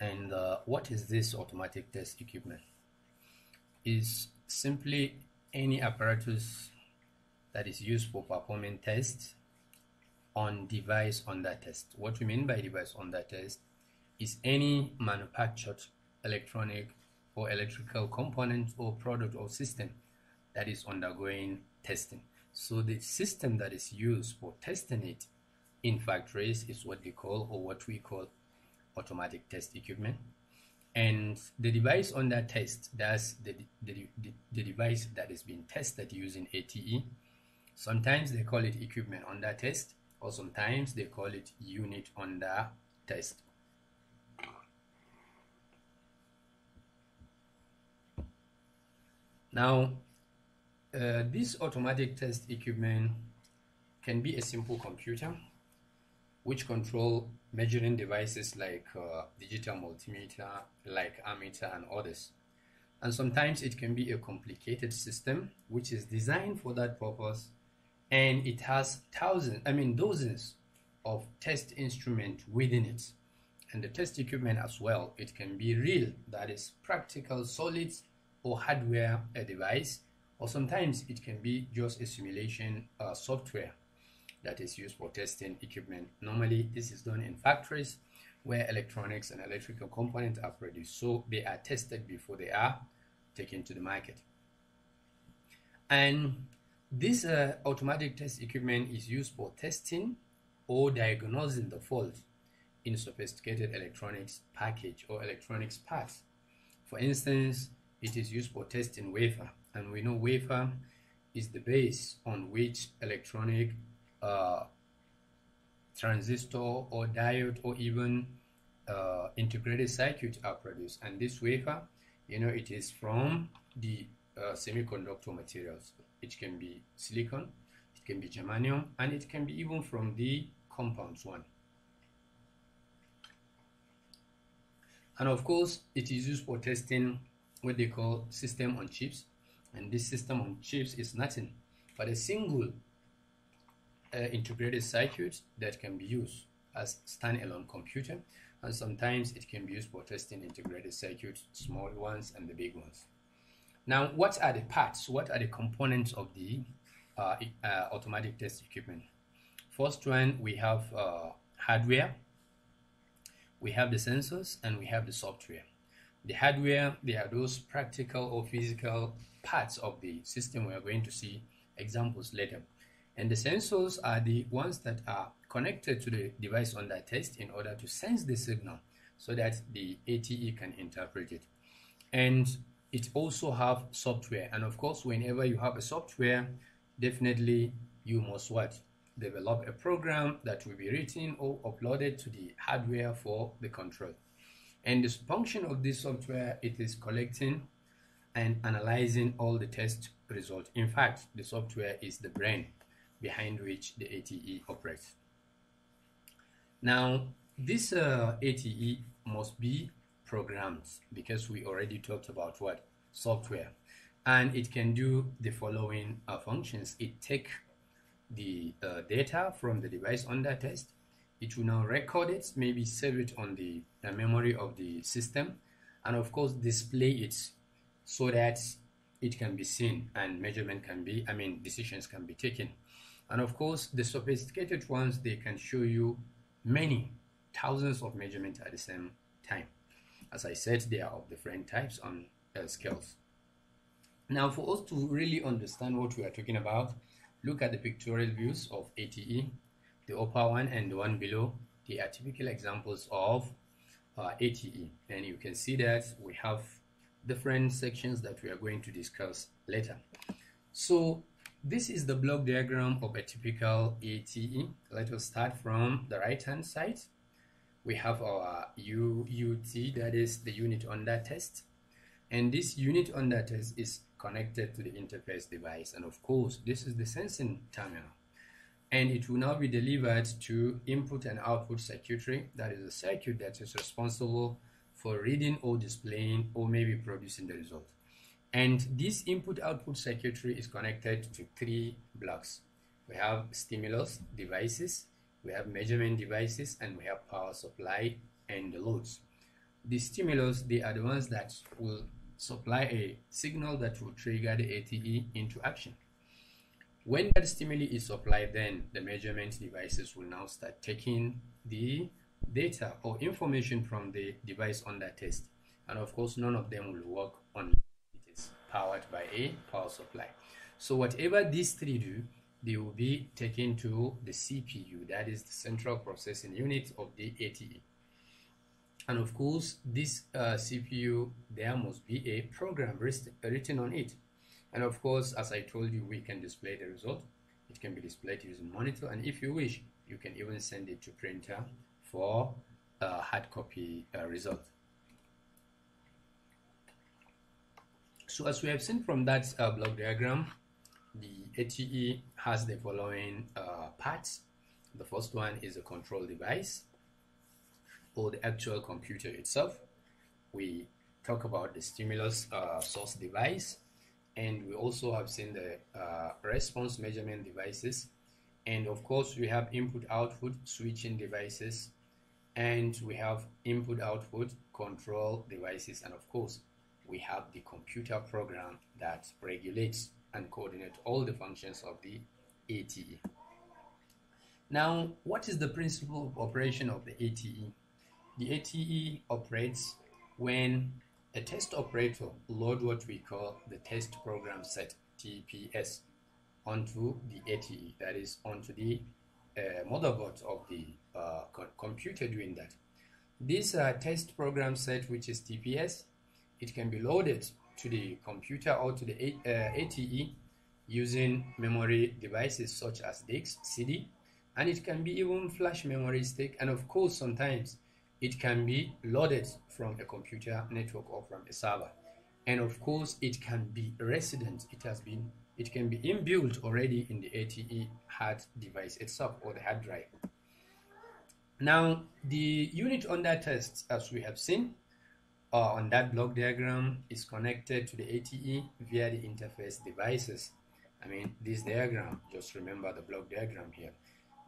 and uh, what is this automatic test equipment is simply any apparatus that is used for performing tests on device under test what we mean by device under test is any manufactured electronic or electrical component or product or system that is undergoing testing so the system that is used for testing it in factories is what they call or what we call automatic test equipment. And the device on that test, that's the, the, the, the device that is being tested using ATE. Sometimes they call it equipment on that test, or sometimes they call it unit on test. Now, uh, this automatic test equipment can be a simple computer which control measuring devices like uh, digital multimeter, like ammeter and others. And sometimes it can be a complicated system which is designed for that purpose and it has thousands, I mean dozens of test instruments within it. And the test equipment as well, it can be real, that is practical solid, or hardware a device, or sometimes it can be just a simulation uh, software that is used for testing equipment. Normally, this is done in factories where electronics and electrical components are produced, so they are tested before they are taken to the market. And this uh, automatic test equipment is used for testing or diagnosing the fault in sophisticated electronics package or electronics parts. For instance, it is used for testing wafer, and we know wafer is the base on which electronic uh, transistor or diode or even uh, integrated circuit are produced and this wafer you know it is from the uh, semiconductor materials it can be silicon it can be germanium and it can be even from the compounds one and of course it is used for testing what they call system on chips and this system on chips is nothing but a single uh, integrated circuits that can be used as standalone computer and sometimes it can be used for testing integrated circuits, small ones and the big ones. Now, what are the parts? What are the components of the uh, uh, automatic test equipment? First one, we have uh, hardware, we have the sensors, and we have the software. The hardware, they are those practical or physical parts of the system we are going to see examples later. And the sensors are the ones that are connected to the device under test in order to sense the signal so that the ATE can interpret it. And it also have software. And of course, whenever you have a software, definitely you must what? Develop a program that will be written or uploaded to the hardware for the control. And the function of this software, it is collecting and analyzing all the test results. In fact, the software is the brain behind which the ATE operates. Now, this uh, ATE must be programmed because we already talked about what software and it can do the following uh, functions it take the uh, data from the device under test it will now record it maybe save it on the uh, memory of the system and of course display it so that it can be seen and measurement can be i mean decisions can be taken and of course, the sophisticated ones, they can show you many thousands of measurements at the same time. As I said, they are of different types on uh, scales. Now, for us to really understand what we are talking about, look at the pictorial views of ATE. The upper one and the one below, they are typical examples of uh, ATE. And you can see that we have different sections that we are going to discuss later. So this is the block diagram of a typical ATE. Let us start from the right hand side. We have our UUT, that is the unit under test. And this unit under test is connected to the interface device. And of course, this is the sensing terminal. And it will now be delivered to input and output circuitry. That is a circuit that is responsible for reading or displaying or maybe producing the result. And this input output circuitry is connected to three blocks. We have stimulus devices, we have measurement devices, and we have power supply and the loads. The stimulus, they are the ones that will supply a signal that will trigger the ATE into action. When that stimuli is supplied, then the measurement devices will now start taking the data or information from the device under test. And of course, none of them will work on powered by a power supply. So whatever these three do, they will be taken to the CPU, that is the central processing unit of the ATE. And of course, this uh, CPU, there must be a program written on it. And of course, as I told you, we can display the result. It can be displayed using monitor. And if you wish, you can even send it to printer for a uh, hard copy uh, result. So as we have seen from that uh, block diagram, the ATE has the following uh, parts. The first one is a control device or the actual computer itself. We talk about the stimulus uh, source device and we also have seen the uh, response measurement devices and of course we have input output switching devices and we have input output control devices and of course we have the computer program that regulates and coordinates all the functions of the ATE. Now, what is the principle of operation of the ATE? The ATE operates when a test operator loads what we call the test program set TPS onto the ATE, that is onto the uh, motherboard of the uh, computer doing that. This uh, test program set, which is TPS, it can be loaded to the computer or to the A uh, ATE using memory devices such as disk, CD, and it can be even flash memory stick. And of course, sometimes it can be loaded from a computer network or from a server. And of course, it can be resident. It has been, it can be inbuilt already in the ATE hard device itself or the hard drive. Now, the unit under test, as we have seen, on that block diagram is connected to the ATE via the interface devices. I mean, this diagram, just remember the block diagram here.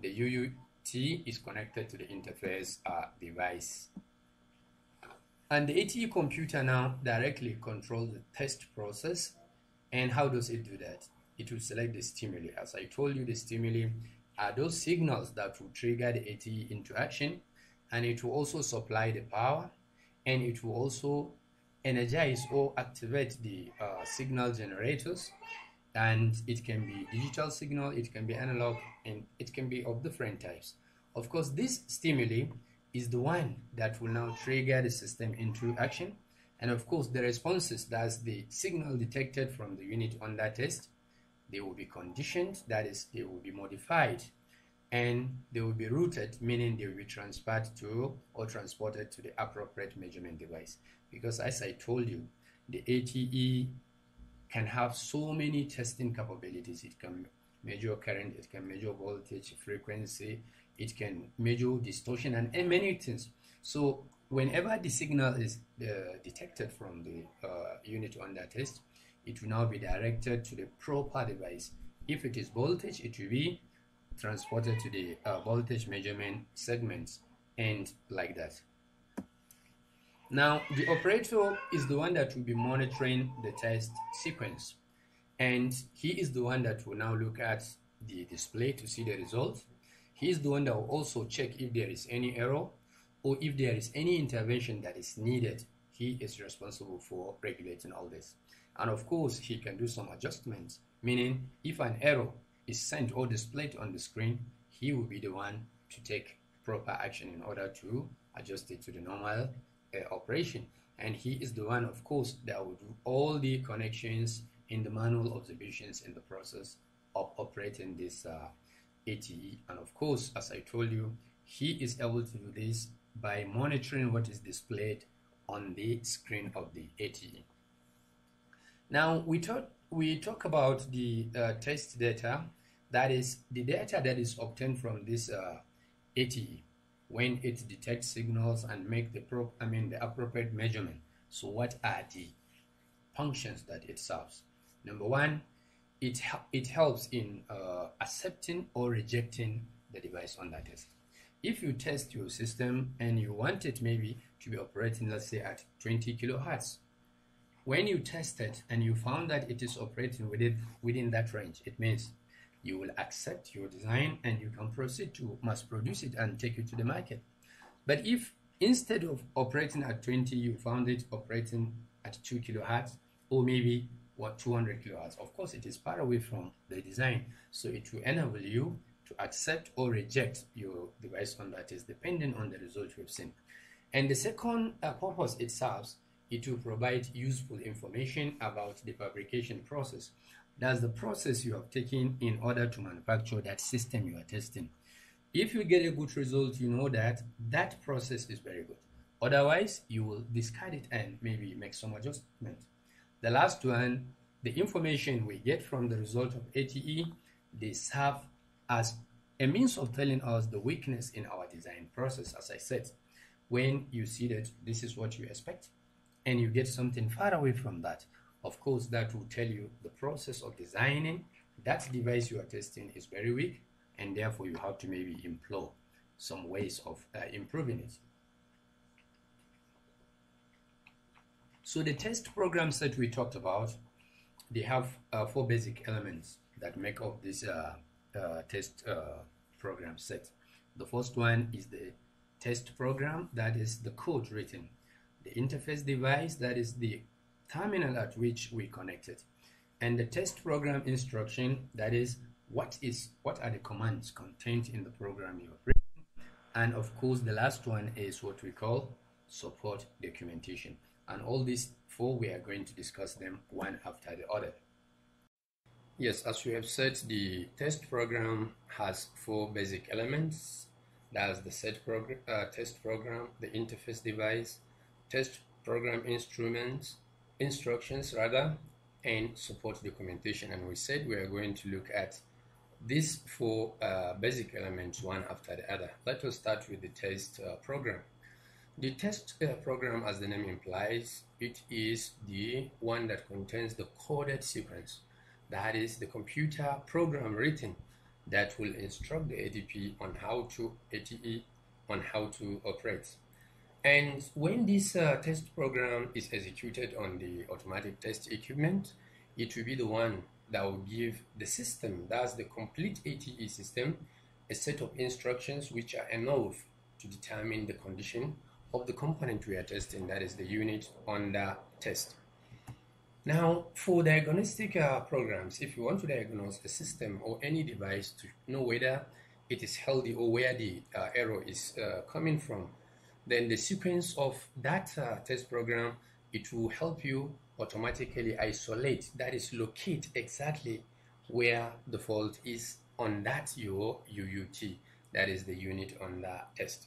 The UUT is connected to the interface uh, device. And the ATE computer now directly controls the test process. And how does it do that? It will select the stimuli. As I told you, the stimuli are those signals that will trigger the ATE into action. And it will also supply the power and it will also energize or activate the uh, signal generators and it can be digital signal it can be analog and it can be of different types of course this stimuli is the one that will now trigger the system into action and of course the responses that's the signal detected from the unit on that test they will be conditioned that is they will be modified and they will be routed, meaning they will be transferred to or transported to the appropriate measurement device. Because as I told you, the ATE can have so many testing capabilities. It can measure current, it can measure voltage, frequency, it can measure distortion and, and many things. So whenever the signal is uh, detected from the uh, unit under test, it will now be directed to the proper device. If it is voltage, it will be transported to the uh, voltage measurement segments and like that. Now the operator is the one that will be monitoring the test sequence and he is the one that will now look at the display to see the result. He is the one that will also check if there is any error or if there is any intervention that is needed. He is responsible for regulating all this. And of course, he can do some adjustments, meaning if an error is sent or displayed on the screen, he will be the one to take proper action in order to adjust it to the normal uh, operation. And he is the one, of course, that will do all the connections in the manual observations in the process of operating this uh, ATE. And of course, as I told you, he is able to do this by monitoring what is displayed on the screen of the ATE. Now, we, talk, we talk about the uh, test data that is the data that is obtained from this uh, ATE when it detects signals and make the pro I mean the appropriate measurement. So what are the functions that it serves? Number one, it it helps in uh, accepting or rejecting the device on that test. If you test your system and you want it maybe to be operating, let's say at 20 kilohertz, when you test it and you found that it is operating within within that range, it means you will accept your design and you can proceed to mass produce it and take it to the market. But if instead of operating at 20, you found it operating at 2 kilohertz or maybe what 200 kilohertz, of course, it is far away from the design. So it will enable you to accept or reject your device on that is depending on the result we've seen. And the second uh, purpose it serves, it will provide useful information about the fabrication process. That's the process you have taken in order to manufacture that system you are testing. If you get a good result, you know that that process is very good. Otherwise, you will discard it and maybe make some adjustment. The last one, the information we get from the result of ATE, they serve as a means of telling us the weakness in our design process, as I said. When you see that this is what you expect and you get something far away from that, of course that will tell you the process of designing that device you are testing is very weak and therefore you have to maybe employ some ways of uh, improving it. So the test programs that we talked about, they have uh, four basic elements that make up this uh, uh test uh, program set. The first one is the test program, that is the code written. The interface device, that is the terminal at which we connected and the test program instruction that is what is what are the commands contained in the program you have written and of course the last one is what we call support documentation and all these four we are going to discuss them one after the other yes as we have said the test program has four basic elements that's the set program uh, test program the interface device test program instruments instructions rather and support documentation and we said we are going to look at these four uh, basic elements one after the other let us start with the test uh, program the test uh, program as the name implies it is the one that contains the coded sequence that is the computer program written that will instruct the ADP on how to ATE on how to operate and when this uh, test program is executed on the automatic test equipment, it will be the one that will give the system, that's the complete ATE system, a set of instructions which are enough to determine the condition of the component we are testing, that is the unit under test. Now, for diagnostic uh, programs, if you want to diagnose a system or any device to know whether it is healthy or where the uh, error is uh, coming from, then the sequence of that uh, test program, it will help you automatically isolate, that is locate exactly where the fault is on that your UUT, that is the unit on the test.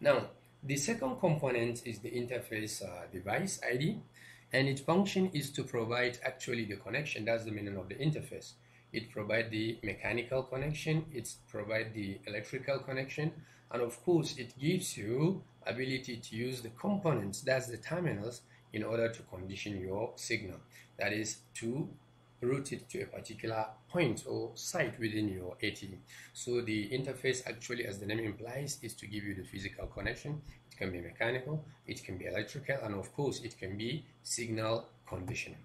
Now, the second component is the interface uh, device ID and its function is to provide actually the connection, that's the meaning of the interface it provides the mechanical connection, it provides the electrical connection, and of course it gives you ability to use the components, that's the terminals, in order to condition your signal. That is to route it to a particular point or site within your AT. So the interface actually, as the name implies, is to give you the physical connection. It can be mechanical, it can be electrical, and of course it can be signal conditioning.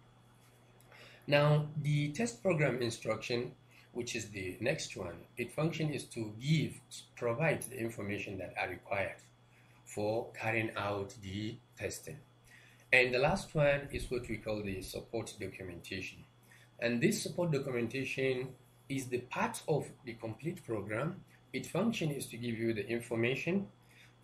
Now, the test program instruction, which is the next one, its function is to give, provide the information that are required for carrying out the testing. And the last one is what we call the support documentation. And this support documentation is the part of the complete program. Its function is to give you the information,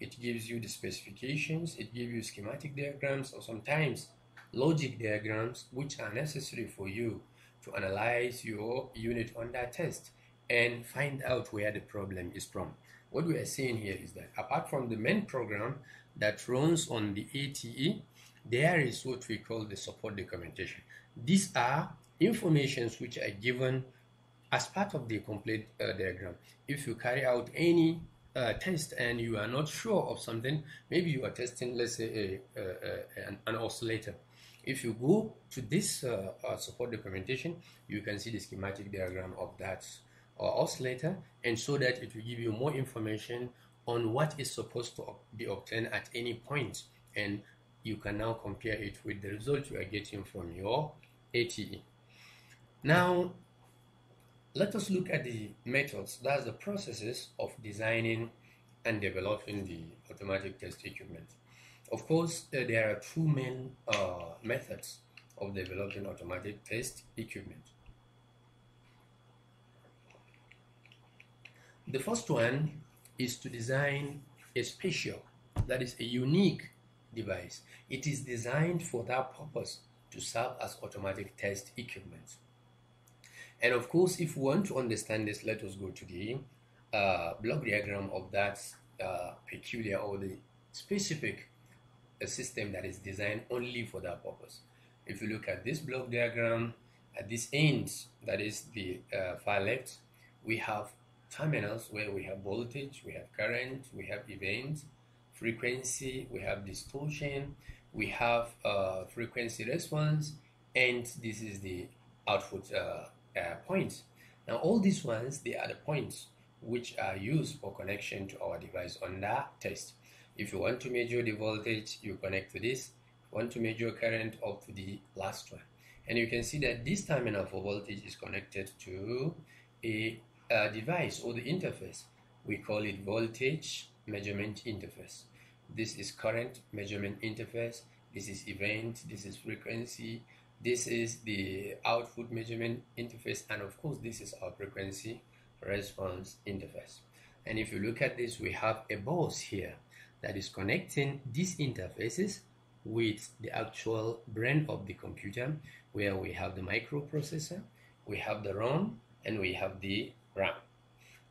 it gives you the specifications, it gives you schematic diagrams, or sometimes logic diagrams which are necessary for you to analyze your unit under test and find out where the problem is from. What we are seeing here is that apart from the main program that runs on the ATE, there is what we call the support documentation. These are informations which are given as part of the complete uh, diagram. If you carry out any uh, test and you are not sure of something, maybe you are testing, let's say, a, a, a, an, an oscillator if you go to this uh, uh, support documentation, you can see the schematic diagram of that uh, oscillator and so that it will give you more information on what is supposed to be obtained at any point and you can now compare it with the result you are getting from your ATE. Now, let us look at the methods, that's the processes of designing and developing the automatic test equipment. Of course, uh, there are two main uh, methods of developing automatic test equipment. The first one is to design a special, that is a unique device. It is designed for that purpose to serve as automatic test equipment. And of course, if you want to understand this, let us go to the uh, block diagram of that uh, peculiar or the specific a system that is designed only for that purpose. If you look at this block diagram, at this end, that is the uh, far left, we have terminals where we have voltage, we have current, we have event, frequency, we have distortion, we have uh, frequency response, and this is the output uh, uh, point. Now all these ones, they are the points which are used for connection to our device on that test. If you want to measure the voltage, you connect to this. You want to measure current up to the last one. And you can see that this terminal for voltage is connected to a, a device or the interface. We call it voltage measurement interface. This is current measurement interface. This is event. This is frequency. This is the output measurement interface. And of course, this is our frequency response interface. And if you look at this, we have a boss here that is connecting these interfaces with the actual brain of the computer where we have the microprocessor, we have the ROM, and we have the RAM.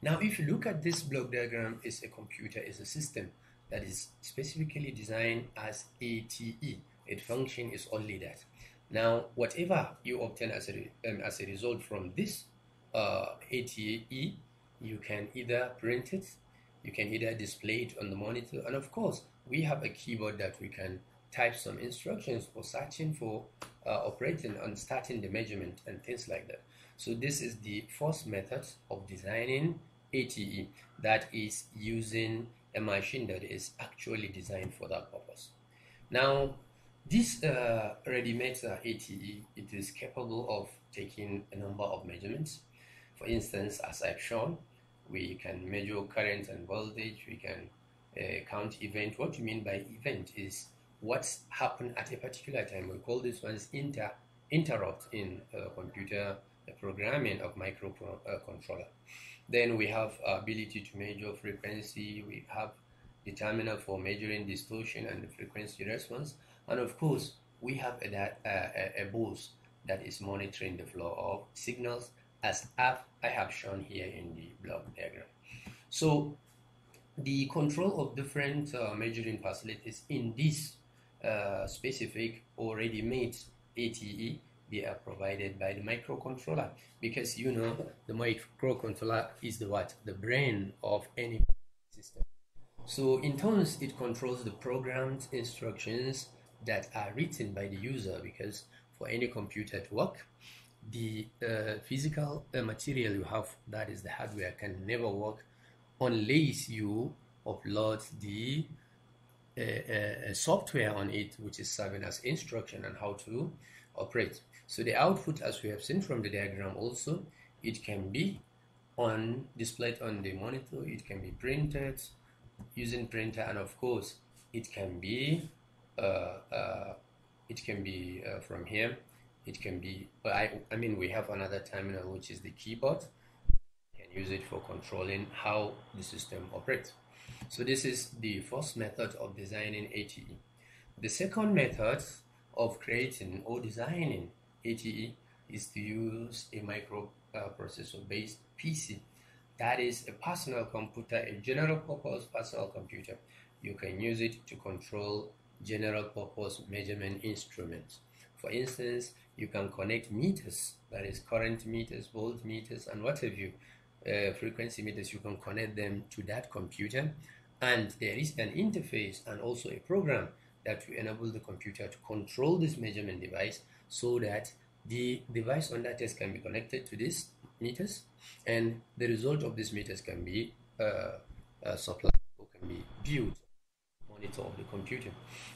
Now if you look at this block diagram, it's a computer, it's a system that is specifically designed as ATE. Its function is only that. Now whatever you obtain as a, um, as a result from this uh, ATE, you can either print it you can either display it on the monitor and of course we have a keyboard that we can type some instructions for searching for uh, operating and starting the measurement and things like that so this is the first method of designing ATE that is using a machine that is actually designed for that purpose now this uh, ready-made uh, ATE it is capable of taking a number of measurements for instance as I've shown we can measure currents and voltage, we can uh, count event. What we mean by event is what's happened at a particular time. We call this ones inter interrupts in uh, computer uh, programming of microcontroller. Uh, then we have ability to measure frequency. We have determiner for measuring distortion and frequency response. And of course, we have a, a, a, a boost that is monitoring the flow of signals as app I have shown here in the block diagram. So the control of different uh, measuring facilities in this uh, specific already made ATE they are provided by the microcontroller because you know the microcontroller is the what the brain of any system so in terms, it controls the programmed instructions that are written by the user because for any computer to work the uh, physical uh, material you have, that is the hardware, can never work unless you upload the uh, uh, software on it, which is serving as instruction on how to operate. So the output, as we have seen from the diagram also, it can be on displayed on the monitor, it can be printed using printer, and of course, it can be uh, uh, it can be from here it can be I, I mean we have another terminal which is the keyboard you can use it for controlling how the system operates so this is the first method of designing ATE the second method of creating or designing ATE is to use a microprocessor uh, based PC that is a personal computer a general purpose personal computer you can use it to control general purpose measurement instruments for instance you can connect meters that is current meters volt meters and what have you uh, frequency meters you can connect them to that computer and there is an interface and also a program that will enable the computer to control this measurement device so that the device on that test can be connected to these meters and the result of these meters can be uh, uh, supplied or can be viewed monitor of the computer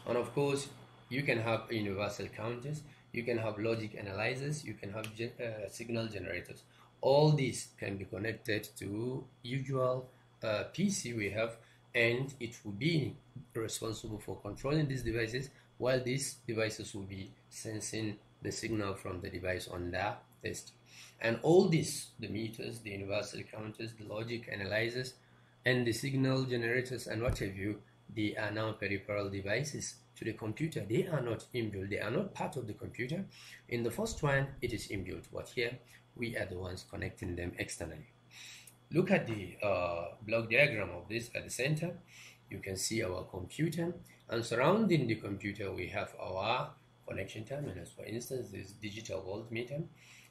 and of course you can have universal counters you can have logic analyzers you can have uh, signal generators all these can be connected to usual uh, PC we have and it will be responsible for controlling these devices while these devices will be sensing the signal from the device on the test and all these the meters the universal counters the logic analyzers and the signal generators and what have you they are now peripheral devices to the computer. They are not inbuilt. They are not part of the computer. In the first one, it is inbuilt. But here, we are the ones connecting them externally. Look at the uh, block diagram of this at the center. You can see our computer. And surrounding the computer, we have our connection terminals. For instance, this digital voltmeter,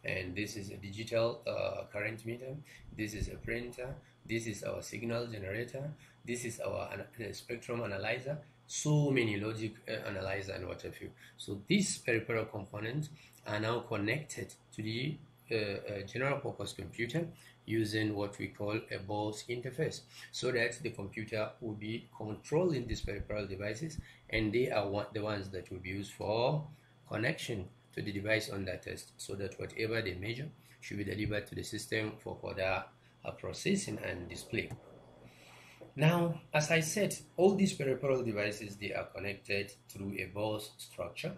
and this is a digital uh, current meter. This is a printer. This is our signal generator. This is our an uh, spectrum analyzer so many logic uh, analyzer and what have you so these peripheral components are now connected to the uh, uh, general purpose computer using what we call a BOS interface so that the computer will be controlling these peripheral devices and they are the ones that will be used for connection to the device under test so that whatever they measure should be delivered to the system for further uh, processing and display. Now, as I said, all these peripheral devices, they are connected through a bus structure.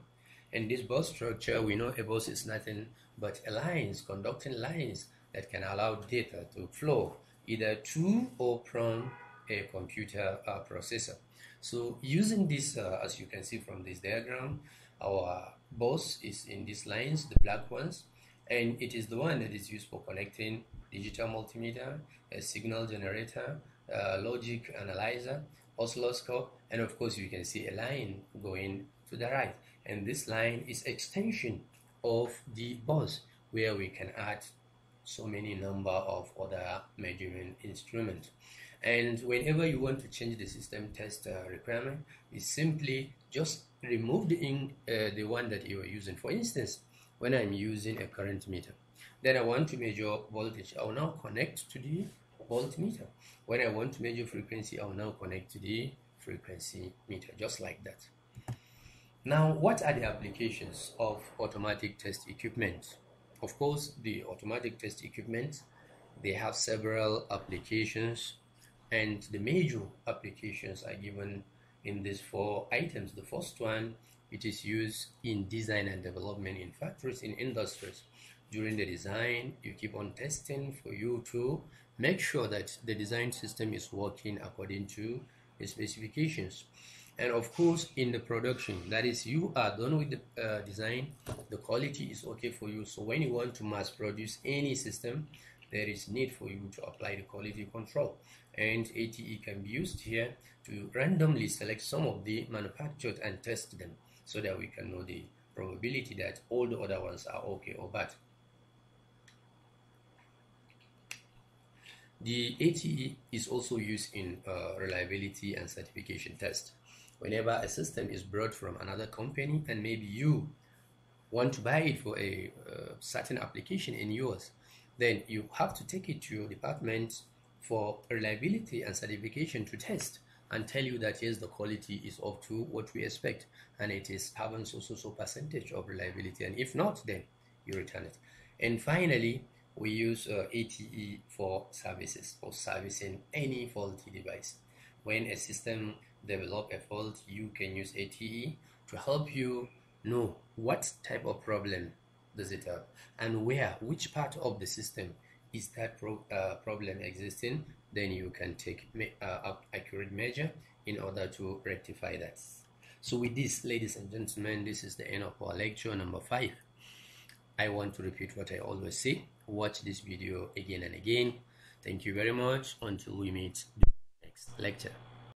And this bus structure, we know a bus is nothing but lines, conducting lines that can allow data to flow either to or from a computer uh, processor. So using this, uh, as you can see from this diagram, our bus is in these lines, the black ones, and it is the one that is used for connecting digital multimeter, a signal generator, uh, logic analyzer, oscilloscope, and of course you can see a line going to the right. And this line is extension of the bus where we can add so many number of other measurement instruments. And whenever you want to change the system test uh, requirement, you simply just remove the, in, uh, the one that you are using. For instance, when I'm using a current meter, then I want to measure voltage. I will now connect to the volt meter. When I want to measure frequency, I'll now connect to the frequency meter, just like that. Now, what are the applications of automatic test equipment? Of course, the automatic test equipment, they have several applications and the major applications are given in these four items. The first one, it is used in design and development in factories, in industries. During the design, you keep on testing for you to Make sure that the design system is working according to the specifications. And of course, in the production, that is, you are done with the uh, design, the quality is okay for you. So when you want to mass produce any system, there is need for you to apply the quality control and ATE can be used here to randomly select some of the manufactured and test them so that we can know the probability that all the other ones are okay or bad The ATE is also used in uh, reliability and certification tests. Whenever a system is brought from another company and maybe you want to buy it for a uh, certain application in yours, then you have to take it to your department for reliability and certification to test and tell you that yes the quality is up to what we expect and it is having so so so percentage of reliability and if not then you return it and finally we use uh, ATE for services for servicing any faulty device. When a system develop a fault, you can use ATE to help you know what type of problem does it have and where, which part of the system is that pro uh, problem existing. Then you can take uh, accurate measure in order to rectify that. So with this, ladies and gentlemen, this is the end of our lecture number five. I want to repeat what I always say watch this video again and again thank you very much until we meet next lecture